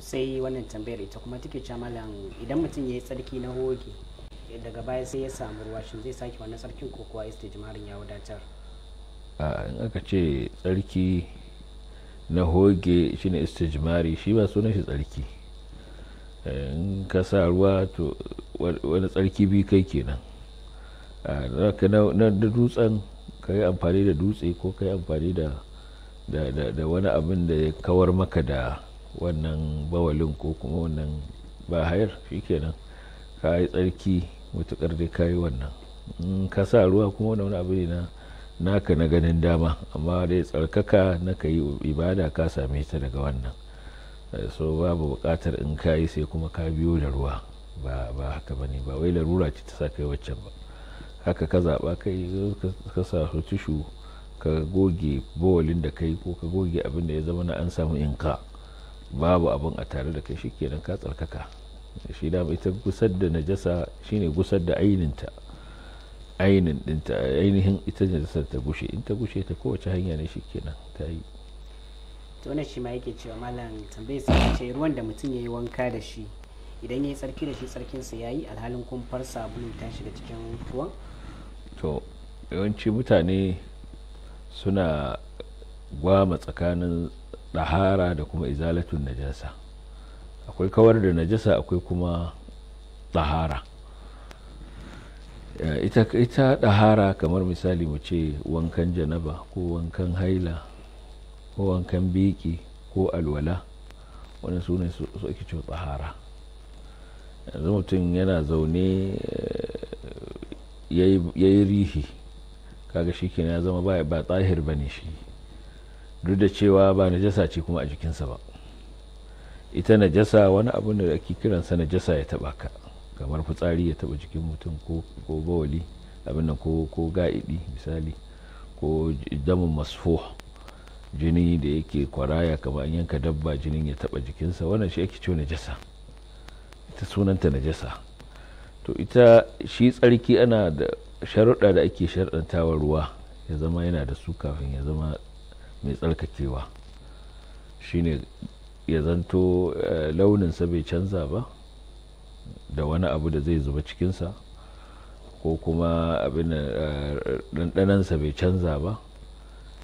sai wannan tambayar ita kuma take cewa malam idan mutum ya yi tsarki na hoge daga baya sai ya samu ruwa shin zai sake wannan tsarkin ko kuwa istijmarin ya wadatar in aka ce tsarki na hoge shine istijmari shi ba sunan shi tsarki eh, in ka sa ruwa to wani tsarki bi kai kenan na dutsen ka yi amfani da dutse ko ka yi amfani da wani abin da ya kawar maka da wannan bawalin ko kuma wannan bahayar shikenan ka yi tsarki mutukar dai ka yi wannan in ka sa ruwa kuma wani abu ne na naka na ganin dama amma dai tsarkaka na ka yi ibada ka same ta daga wannan eh, so babu buƙatar in ka yi sai kuma ka biyo da ruwa ba haka ba ne ba wai larura ce ta sa kai waccan ba haka ka zaɓa kai ka sa su tishu ka goge bawalin da kai ko ka goge abin da ya zama na an samu in inka babu abin a tare da kai shi kenan ka tsarkaka shi da ita gusar da najasa shine gusar da aininta dinta ainihin ita najasar ta gushe in ta gushe ta kowace hanya ne kenan ta yi to shi ma yake cewa malam tambayi sai ce ruwan da mutum ya yi wanka da shi idan ya yi tsarki da shi tsarkin ya yi alhalin kumfar sabulu ta shiga cikin ruwan to yawanci mutane suna gwama tsakanin ɗahara da kuma izalatun najasa akwai kawar da najasa akwai kuma ɗahara ita, ɗahara kamar misali mu ce wankan janaba ko wankan haila ko wankan biki ko alwala wani su ne su ake ce tsahara yanzu mutum yana zaune eh, ya yi rihi kaga shi ya zama ba tsahir ba ne shi duk da cewa ba najasa ce kuma a jikinsa ba ita najasa wani abu da ake kiransa najasa ya taba ka kamar fitsari ya taba jikin mutum ko bawali abin nan ko ga'idi misali ko damin masfo jini da yake kwaraya kamar an yanka dabba jinin ya taba jikinsa wannan shi ake cewa najasa ita sunanta najasa to ita shi tsarki ana da sharuɗa da ake sharɗantawa ruwa ya zama yana da su kafin ya zama mai tsarkakewa shine ya zanto eh, launinsa bai canza ba da wani abu da zai zuba cikinsa ko kuma abin eh, ɗanɗanansa bai canza ba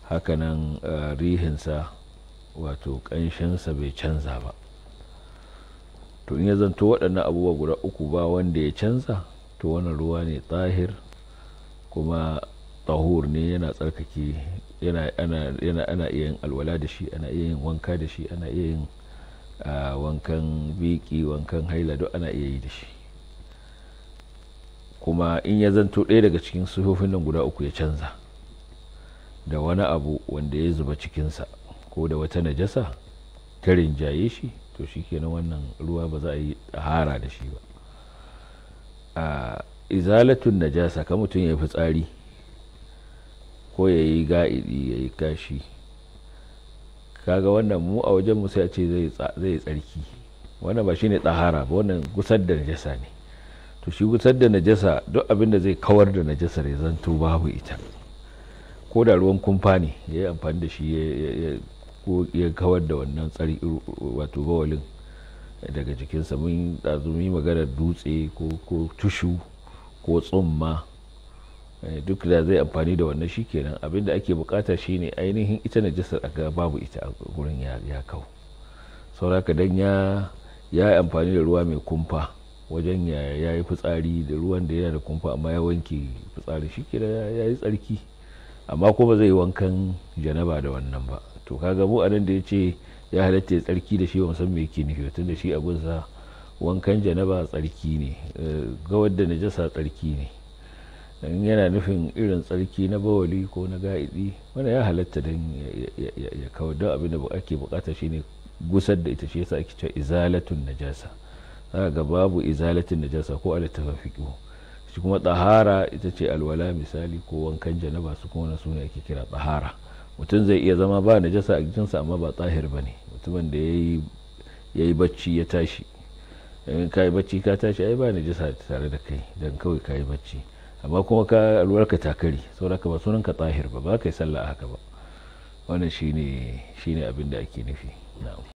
hakanan eh, rihinsa wato ƙanshinsa bai canza ba to in ya zanto waɗannan abubuwa guda uku ba wanda ya canza to wani ruwa ne tsahir kuma tsahur ne yana tsarkake yana ana iya yin alwala da shi ana iya yin wanka da shi ana iya yin wankan biki wankan haila duk ana iya yi da shi kuma in ya zanto ɗaya daga cikin sufofin nan guda uku ya canza da wani abu wanda ya zuba cikinsa ko da wata najasa ta rinjaye shi to shi kenan wannan ruwa ba za a yi hara da shi ba izalatun najasa ka mutum ya fi tsari ko ya yi ga'idi ya yi kashi kaga wannan mu a wajen musa ce zai tsarki wannan ba shine tsahara ba wannan gusar da najasa ne to shi gusar da najasa duk abin da zai kawar da najasar ya zanto babu ita ko da ruwan kumfa ne ya yi amfani da shi ya kawar da wannan tsarki wato bawalin daga jikinsa mun ɗazu yi maganar dutse ko tushu ko tsumma Eh, duk da zai amfani da wannan shikenan abin da ake bukata shine ainihin ita najasar a ga babu ita a gurin ya kau saura dan ya ya yi amfani da ruwa mai kumfa wajen ya yi fitsari da ruwan da yana da kumfa amma ya wanke fitsari shi ya yi tsarki amma kuma zai wankan janaba da wannan ba to kaga mu anan da ya ce ya halatta ya tsarki da shi wasan mai me yake nufi tun da shi abunsa wankan janaba tsarki ne eh, gawar da najasa tsarki ne yana nufin irin tsarki na bawali ko na ga'idi wanda ya halatta don ya kawo don abin da ake bukata shine gusar da ita shi yasa ake cewa izalatun najasa za ga babu izalatun najasa ko a littafin shi kuma tsahara ita ce alwala misali ko wankan janaba su kuma su ne ake kira tsahara mutum zai iya zama ba najasa a jikinsa amma ba tsahir ne mutumin da ya yi bacci ya tashi in ka yi bacci ka tashi ai ba najasa tare da kai dan kawai ka yi bacci amma kuma ka ruwar ka takari saboda ba sunan ka tsahir ba ba ka yi sallah haka ba wannan shine shine abin da ake nufi na'am